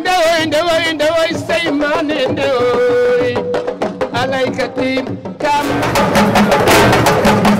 ndewooy ndewooy ndewooy say like a team come.